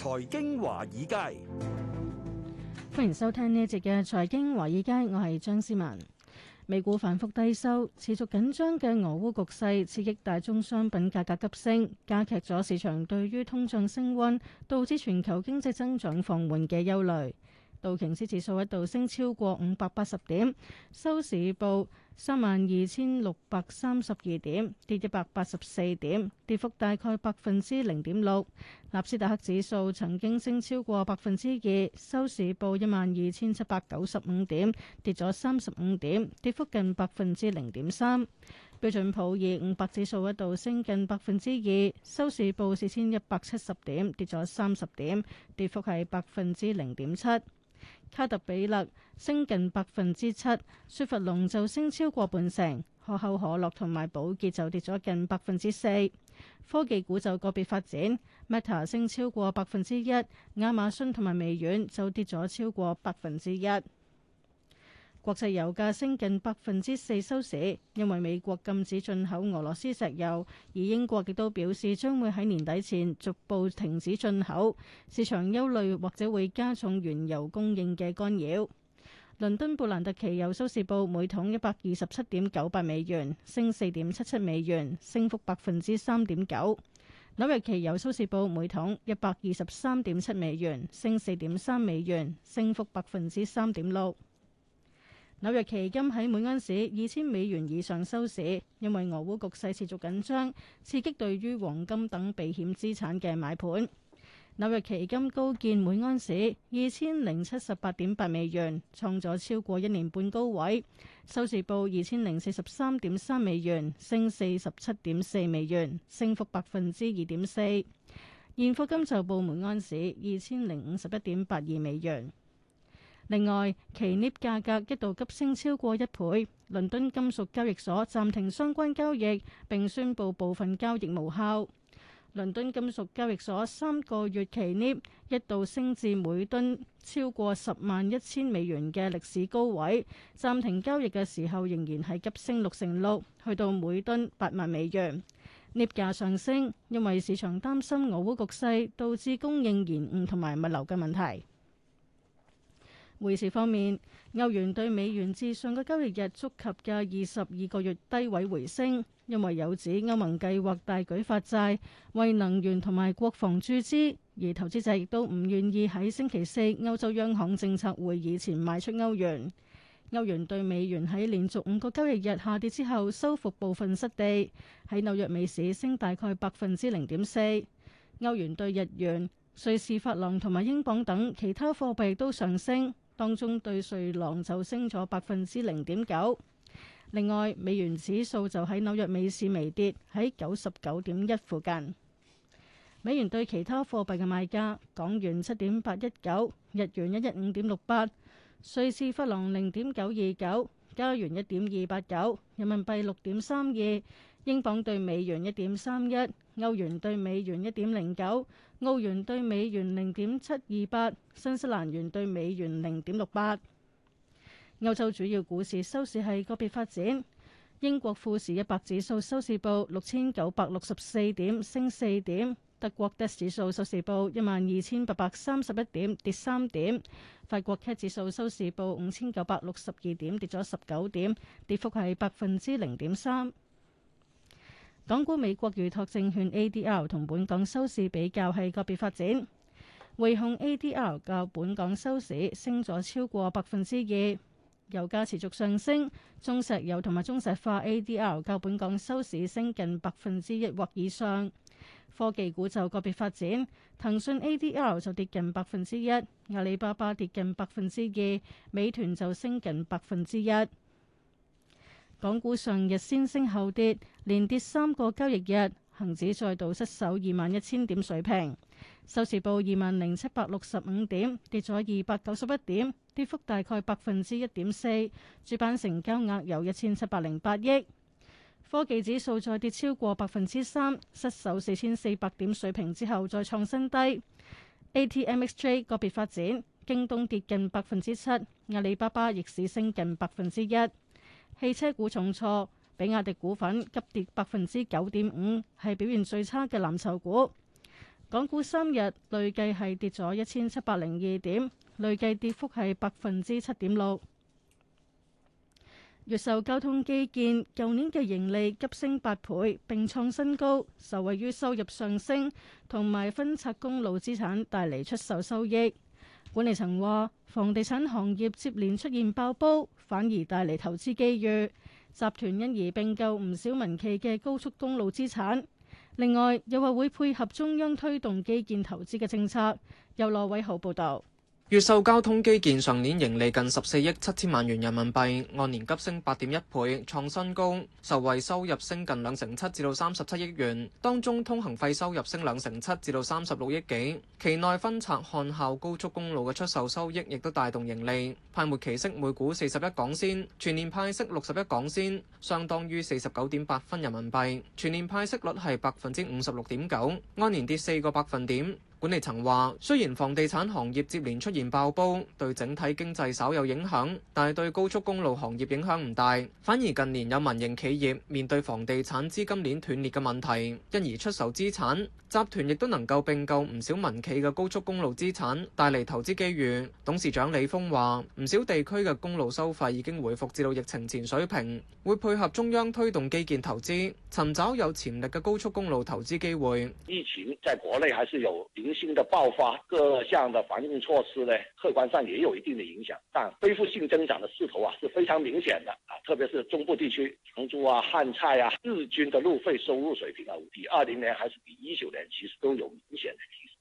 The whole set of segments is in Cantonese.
財經華爾街。歡迎收聽呢一節嘅財經華爾街，我係張思文。美股反覆低收，持續緊張嘅俄烏局勢刺激大宗商品價格急升，加劇咗市場對於通脹升溫，導致全球經濟增長放緩嘅憂慮。道瓊斯指數一度升超過五百八十點，收市報三萬二千六百三十二點，跌一百八十四點，跌幅大概百分之零點六。納斯達克指數曾經升超過百分之二，收市報一萬二千七百九十五點，跌咗三十五點，跌幅近百分之零點三。標準普爾五百指數一度升近百分之二，收市報四千一百七十點，跌咗三十點，跌幅係百分之零點七。卡特彼勒升近百分之七，雪佛龍就升超過半成，可口可樂同埋寶潔就跌咗近百分之四，科技股就個別發展，Meta 升超過百分之一，亞馬遜同埋微軟就跌咗超過百分之一。國際油價升近百分之四收市，因為美國禁止進口俄羅斯石油，而英國亦都表示將會喺年底前逐步停止進口。市場憂慮或者會加重原油供應嘅干擾。倫敦布蘭特期油收市報每桶一百二十七點九八美元，升四點七七美元，升幅百分之三點九。紐約期油收市報每桶一百二十三點七美元，升四點三美元，升幅百分之三點六。紐約期金喺每盎司二千美元以上收市，因為俄烏局勢持續緊張，刺激對於黃金等避險資產嘅買盤。紐約期金高見每盎司二千零七十八點八美元，創咗超過一年半高位，收市報二千零四十三點三美元，升四十七點四美元，升幅百分之二點四。現貨金就報每盎司二千零五十一點八二美元。另外，期鎳價格一度急升超過一倍，倫敦金屬交易所暫停相關交易並宣布部分交易無效。倫敦金屬交易所三個月期鎳一度升至每噸超過十萬一千美元嘅歷史高位，暫停交易嘅時候仍然係急升六成六，去到每噸八萬美元。鎳價上升，因為市場擔心俄烏局勢導致供應延誤同埋物流嘅問題。匯市方面，歐元對美元至上個交易日觸及嘅二十二個月低位回升，因為有指歐盟計劃大舉發債為能源同埋國防注資，而投資者亦都唔願意喺星期四歐洲央行政策會議前賣出歐元。歐元對美元喺連續五個交易日下跌之後，收復部分失地，喺紐約美市升大概百分之零點四。歐元對日元、瑞士法郎同埋英鎊等其他貨幣都上升。當中對瑞郎就升咗百分之零點九。另外，美元指數就喺紐約美市微跌，喺九十九點一附近。美元對其他貨幣嘅賣價：港元七點八一九，日元一一五點六八，瑞士法郎零點九二九，加元一點二八九，人民幣六點三二，英鎊對美元一點三一。歐元對美元一點零九，澳元對美元零點七二八，新西蘭元對美元零點六八。歐洲主要股市收市係個別發展。英國富時一百指數收市報六千九百六十四點，升四點。德國 DAX 指數收市報一萬二千八百三十一點，跌三點。法國 CAC 指數收市報五千九百六十二點，跌咗十九點，跌幅係百分之零點三。港股、美國預託證券 ADR 同本港收市比較係個別發展。匯控 ADR 較本港收市升咗超過百分之二，油價持續上升，中石油同埋中石化 ADR 較本港收市升近百分之一或以上。科技股就個別發展，騰訊 ADR 就跌近百分之一，阿里巴巴跌近百分之二，美團就升近百分之一。港股上日先升後跌，連跌三個交易日，恒指再度失守二萬一千點水平，收市報二萬零七百六十五點，跌咗二百九十一點，跌幅大概百分之一點四。主板成交額由一千七百零八億。科技指數再跌超過百分之三，失守四千四百點水平之後再創新低。ATMXJ 個別發展，京東跌近百分之七，阿里巴巴逆市升近百分之一。汽車股重挫，比亞迪股份急跌百分之九點五，係表現最差嘅藍籌股。港股三日累計係跌咗一千七百零二點，累計跌幅係百分之七點六。越秀交通基建舊年嘅盈利急升八倍，並創新高，受惠於收入上升，同埋分拆公路資產帶嚟出售收益。管理層話，房地產行業接連出現爆煲，反而帶嚟投資機遇。集團因而並購唔少民企嘅高速公路資產。另外，又話會配合中央推動基建投資嘅政策。由羅偉豪報道。越秀交通基建上年盈利近十四億七千萬元人民幣，按年急升八點一倍，創新高。受惠收入升近兩成七，至到三十七億元，當中通行費收入升兩成七，至到三十六億幾。期內分拆漢孝高速公路嘅出售收益，亦都帶動盈利。派末期息每股四十一港仙，全年派息六十一港仙，相當於四十九點八分人民幣，全年派息率係百分之五十六點九，按年跌四個百分點。管理層話，雖然房地產行業接連出現爆煲，對整體經濟稍有影響，但係對高速公路行業影響唔大，反而近年有民營企業面對房地產資金鏈斷裂嘅問題，因而出售資產，集團亦都能夠並購唔少民企嘅高速公路資產帶嚟投資機遇。董事長李峰話唔少地區嘅公路收費已經回復至到疫情前水平，會配合中央推動基建投資，尋找有潛力嘅高速公路投資機會。疫情在國內還是有零星的爆發，各項的防控措施呢，客觀上也有一定的影響，但恢復性增長的勢頭啊是非常明顯的啊。特別是中部地區，長株啊、漢菜啊，日均的路費收入水平啊，比二零年還是比一九年其實都有明顯的提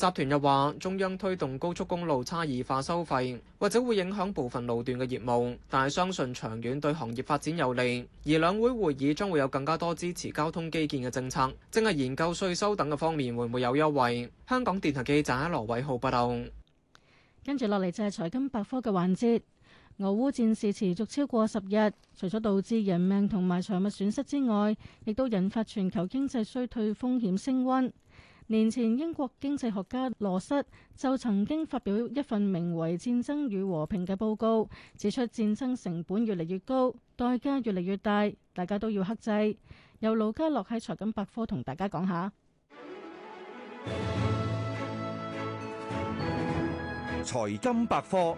集團又話，中央推動高速公路差異化收費，或者會影響部分路段嘅業務，但係相信長遠對行業發展有利。而兩會會議將會有更加多支持交通基建嘅政策，正係研究稅收等嘅方面會唔會有優惠。香港電台記者羅偉浩報導。跟住落嚟就係財金百科嘅環節。俄烏戰事持續超過十日，除咗導致人命同埋財物損失之外，亦都引發全球經濟衰退風險升温。年前，英國經濟學家羅瑟就曾經發表一份名為《戰爭與和平》嘅報告，指出戰爭成本越嚟越高，代價越嚟越大，大家都要克制。由盧家樂喺財金百科同大家講下。財金百科。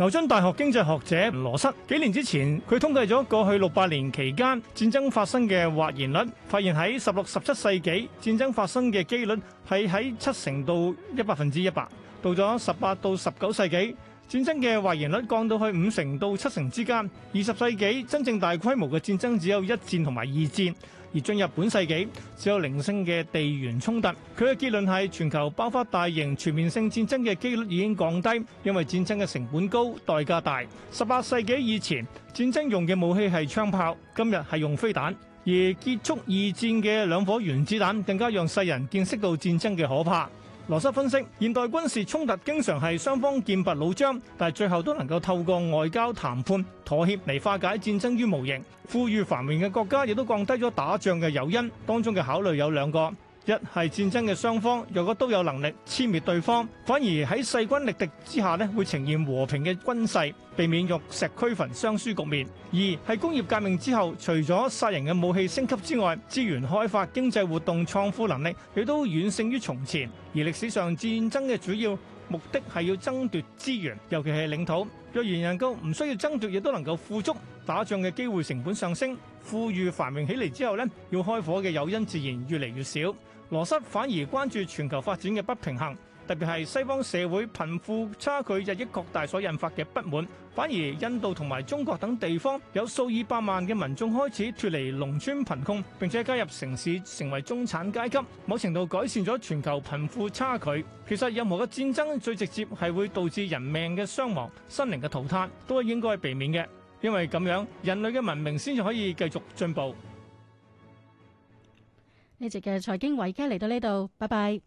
牛津大學經濟學者羅塞幾年之前，佢統計咗過去六百年期間戰爭發生嘅或然率，發現喺十六、十七世紀戰爭發生嘅機率係喺七成到一百分之一百；到咗十八到十九世紀，戰爭嘅或然率降到去五成到七成之間；二十世紀真正大規模嘅戰爭只有一戰同埋二戰。而進入本世紀，只有零星嘅地緣衝突。佢嘅結論係全球爆發大型全面性戰爭嘅機率已經降低，因為戰爭嘅成本高、代價大。十八世紀以前，戰爭用嘅武器係槍炮，今日係用飛彈。而結束二戰嘅兩顆原子彈，更加讓世人見識到戰爭嘅可怕。羅沙分析，現代軍事衝突經常係雙方劍拔弩張，但係最後都能夠透過外交談判妥協嚟化解戰爭於無形。富裕繁榮嘅國家亦都降低咗打仗嘅誘因，當中嘅考慮有兩個。一係戰爭嘅雙方若果都有能力殲滅對方，反而喺勢均力敵之下咧，會呈現和平嘅軍勢，避免玉石俱焚雙輸局面。二係工業革命之後，除咗殺人嘅武器升級之外，資源開發、經濟活動、創富能力亦都遠勝於從前。而歷史上戰爭嘅主要目的係要爭奪資源，尤其係領土。若然能夠唔需要爭奪，亦都能夠富足，打仗嘅機會成本上升，富裕繁榮起嚟之後呢，要開火嘅誘因自然越嚟越少。羅塞反而關注全球發展嘅不平衡，特別係西方社會貧富差距日益擴大所引發嘅不滿。反而印度同埋中國等地方有數以百萬嘅民眾開始脱離農村貧窮，並且加入城市成為中產階級，某程度改善咗全球貧富差距。其實任何嘅戰爭最直接係會導致人命嘅傷亡、生靈嘅淘汰，都係應該避免嘅，因為咁樣人類嘅文明先至可以繼續進步。呢集嘅財經華爾街嚟到呢度，拜拜。